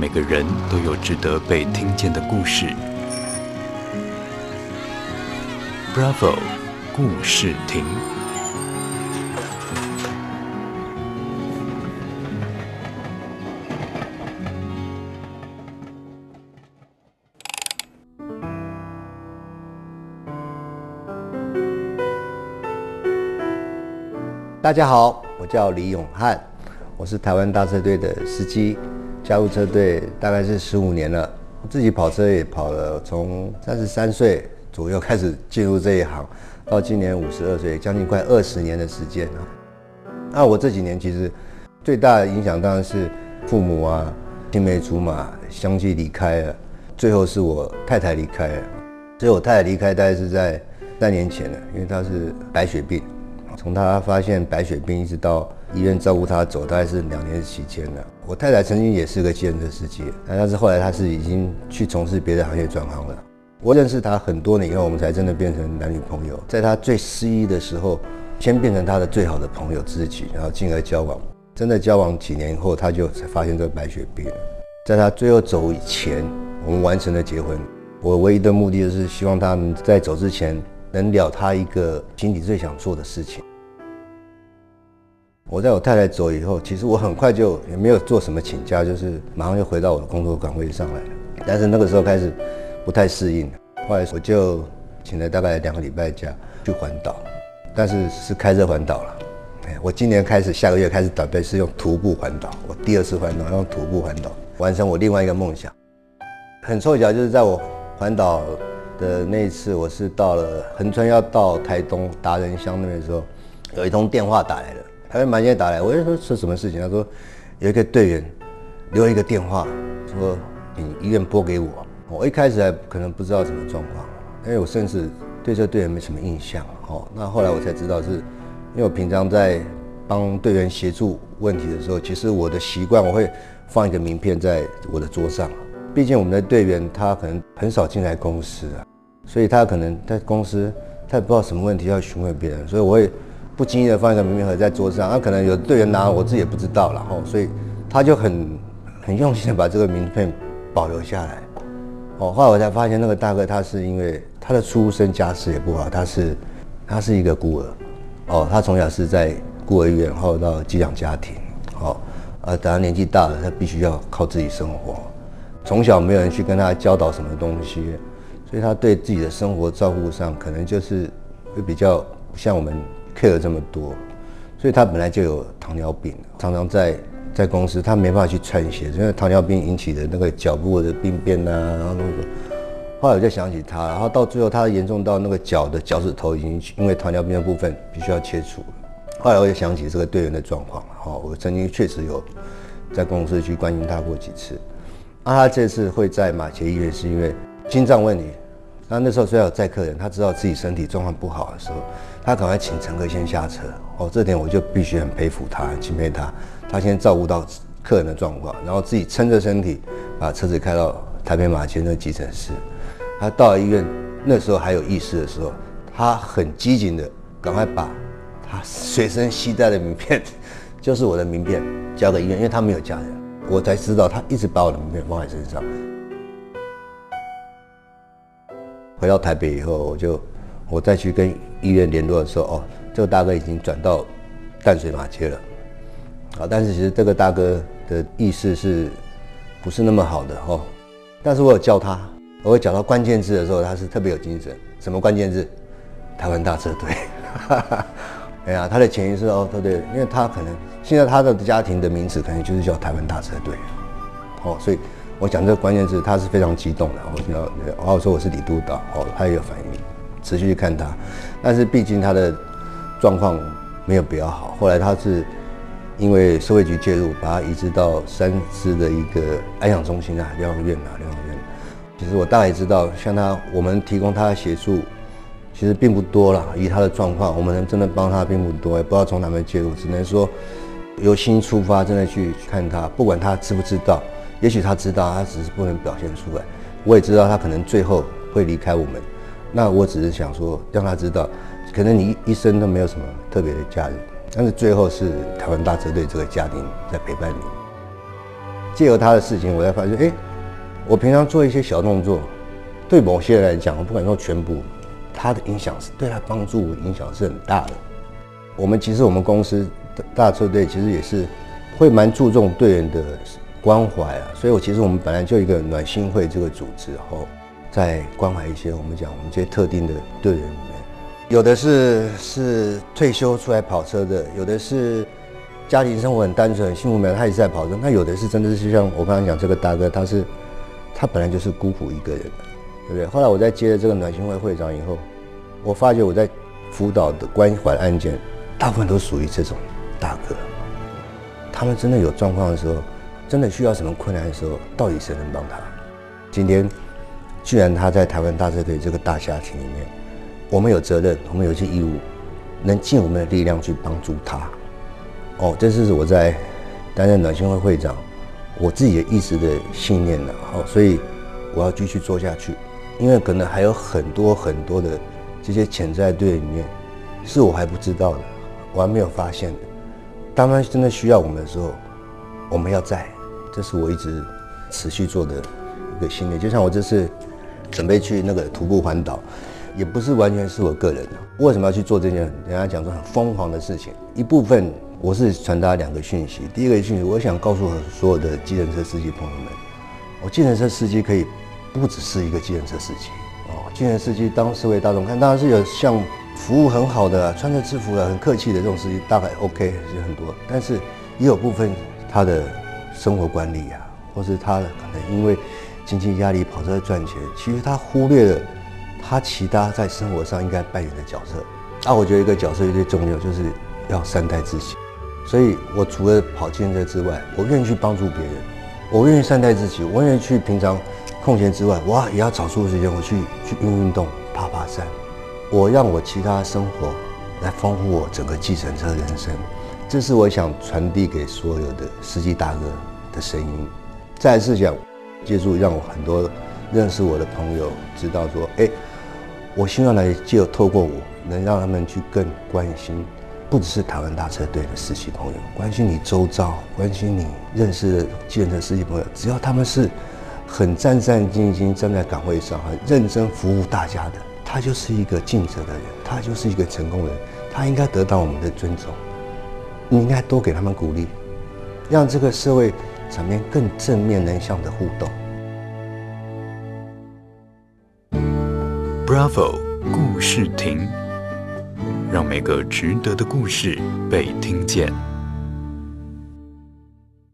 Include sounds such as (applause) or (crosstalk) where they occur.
每個人都有值得被聽見的故事。Bravo，故事亭。大家好，我叫李永漢，我是台灣大車隊的司機。加入車隊大概是十五年了，自己跑車也跑了，從三十三歲左右開始進入這一行，到今年五十二歲，將近快二十年的時間了。那我這幾年其實最大的影響當然是父母啊、青梅竹馬相繼離開了，最後是我太太離開了。所以我太太離開大概是在三年前了，因為她是白血病，從她發現白血病一直到。醫院照顧他走大概是兩年期間了。我太太曾經也是個計程車司機，但是後來她是已經去從事別的行業轉行了。我認識她很多年以後，我們才真的變成男女朋友。在她最失意的時候，先變成她的最好的朋友知己，然後進而交往。真的交往幾年以後，她就才發現這個白血病了。在她最後走以前，我們完成了結婚。我唯一的目的就是希望她在走之前能了她一個心裡最想做的事情。我在我太太走以後，其實我很快就也沒有做什麼請假，就是馬上就回到我的工作崗位上來了。但是那個時候開始不太適應了，後來我就請了大概兩個禮拜假去環島，但是是開車環島了。我今年開始，下個月開始準備是用徒步環島。我第二次環島用徒步環島，完成我另外一個夢想。很湊巧，就是在我環島的那一次，我是到了橫川，要到台東達仁鄉那邊的時候，有一通電話打來了。他就馬上打來，我就說是什麼事情？他說有一個隊員留一個電話，說你醫院撥給我。我一開始還可能不知道什麼狀況，因為我甚至對這個隊員沒什麼印象。哦，那後來我才知道是，是因為我平常在幫隊員協助問題的時候，其實我的習慣，我會放一個名片在我的桌上。畢竟我們的隊員他可能很少進來公司啊，所以他可能在公司他也不知道什麼問題要詢問別人，所以我會。不經意的放一個名片盒在桌子上，那、啊、可能有隊員拿，我自己也不知道，然、哦、後所以他就很很用心的把這個名片保留下來。哦，後來我才發現，那個大哥他是因為他的出身家世也不好，他是他是一個孤兒，哦，他從小是在孤兒院，後到寄養家庭，哦，啊、等他年紀大了，他必須要靠自己生活，從小沒有人去跟他教導什麼東西，所以他對自己的生活照顧上，可能就是會比較像我們。配了這麼多，所以他本來就有糖尿病，常常在在公司他沒辦法去穿鞋，因為糖尿病引起的那個腳部的病變啊，然後那個後來我就想起他，然後到最後他嚴重到那個腳的腳趾頭已經因為糖尿病的部分必須要切除。後來我就想起這個隊員的狀況，哈，我曾經確實有在公司去關心他過幾次。那、啊、他這次會在馬偕醫院是因為心臟問題。那那時候雖然有載客人，他知道自己身體狀況不好的時候，他趕快請乘客先下車。哦，這點我就必須很佩服他，很欽佩他。他先照顧到客人的狀況，然後自己撐着身體把車子開到台北馬前的急診室。他到了醫院，那時候還有意識的時候，他很機警的趕快把他隨身攜帶的名片，就是我的名片交給醫院，因為他沒有家人。我才知道他一直把我的名片放在身上。回到台北以後，我就我再去跟醫院聯絡的時候，哦，這個大哥已經轉到淡水馬偕了，啊，但是其實這個大哥的意識是不是那麼好的吼、哦？但是我有教他，我會講到關鍵字的時候，他是特別有精神。什麼關鍵字？台灣大車隊。哎 (laughs) 呀、啊，他的潛意識哦，對，對，因為他可能現在他的家庭的名字可能就是叫台灣大車隊，哦，所以。我講這個關鍵字，他是非常激動的。我聽然後說我是李督導哦，他也有反應，持續去看他。但是畢竟他的狀況沒有比較好。後來他是因為社會局介入，把他移植到三芝的一個安養中心啊療養院啊療養院啊。其實我大概知道，像他，我們提供他的協助，其實並不多啦。以他的狀況，我們能真的幫他並不多，也不知道從哪邊介入，只能說由心出發，真的去看他，不管他知不知道。也許他知道，他只是不能表現出來。我也知道他可能最後會離開我們。那我只是想說，讓他知道，可能你一生都沒有什麼特別的家人，但是最後是台灣大車隊這個家庭在陪伴你。借由他的事情，我才發現，哎、欸，我平常做一些小動作，對某些人來講，我不敢說全部，他的影響是對他幫助影響是很大的。我們其實我們公司大車隊其實也是會蠻注重隊員的。關懷啊，所以我其實我們本來就一個暖心會這個組織，後再關懷一些我們講我們這些特定的隊員裡面，有的是是退休出來跑車的，有的是家庭生活很單純、幸福美滿，他一直在跑車；那有的是真的是像我剛剛講這個大哥，他是他本來就是孤苦一個人，對不對？後來我在接了這個暖心會會長以後，我發覺我在輔導的關懷案件，大部分都屬於這種大哥，他們真的有狀況的時候。真的需要什麼困難的時候，到底誰能幫他？今天，既然他在台灣大車隊這個大家庭裡面，我們有責任，我們有些義務，能盡我們的力量去幫助他。哦，這是我在擔任暖心會會長，我自己也一直的信念了、啊、好、哦，所以我要繼續做下去，因為可能還有很多很多的這些潛在隊裡面，是我還不知道的，我還沒有發現的。當他真的需要我們的時候，我們要在。這是我一直持續做的一個心念。就像我這次準備去那個徒步環島，也不是完全是我個人的。為什麼要去做這件人家講說很瘋狂的事情？一部分我是傳達兩個訊息。第一個訊息，我想告訴我所有的計程車司機朋友們、哦，我計程車司機可以不只是一個計程車司機哦。計程司機當社會大眾看，當然是有像服務很好的、啊、穿着制服的、啊、很客氣的這種司機，大概 OK 有很多。但是也有部分他的。生活管理啊，或是他可能因為經濟壓力跑車賺錢，其實他忽略了他其他在生活上應該扮演的角色。那、啊、我覺得一個角色有點重要，就是要善待自己。所以我除了跑計程車之外，我願意去幫助別人，我願意善待自己，我願意去平常空閒之外，哇，也要找出時間我去去運運動、爬爬山。我讓我其他生活來豐富我整個計程車的人生。這是我想傳遞給所有的司機大哥。聲音，再次講，借助，讓我很多認識我的朋友知道說，哎，我希望來就透過我，能讓他們去更關心，不只是台灣大車隊的司機朋友，關心你周遭，關心你認識的、建設司機朋友，只要他們是，很戰戰兢兢站在崗位上，很認真服務大家的，他就是一個盡責的人，他就是一個成功人，他應該得到我們的尊重，你應該多給他們鼓勵，讓這個社會。場面更正面、人向的互動。Bravo，故事亭，讓每個值得的故事被聽見。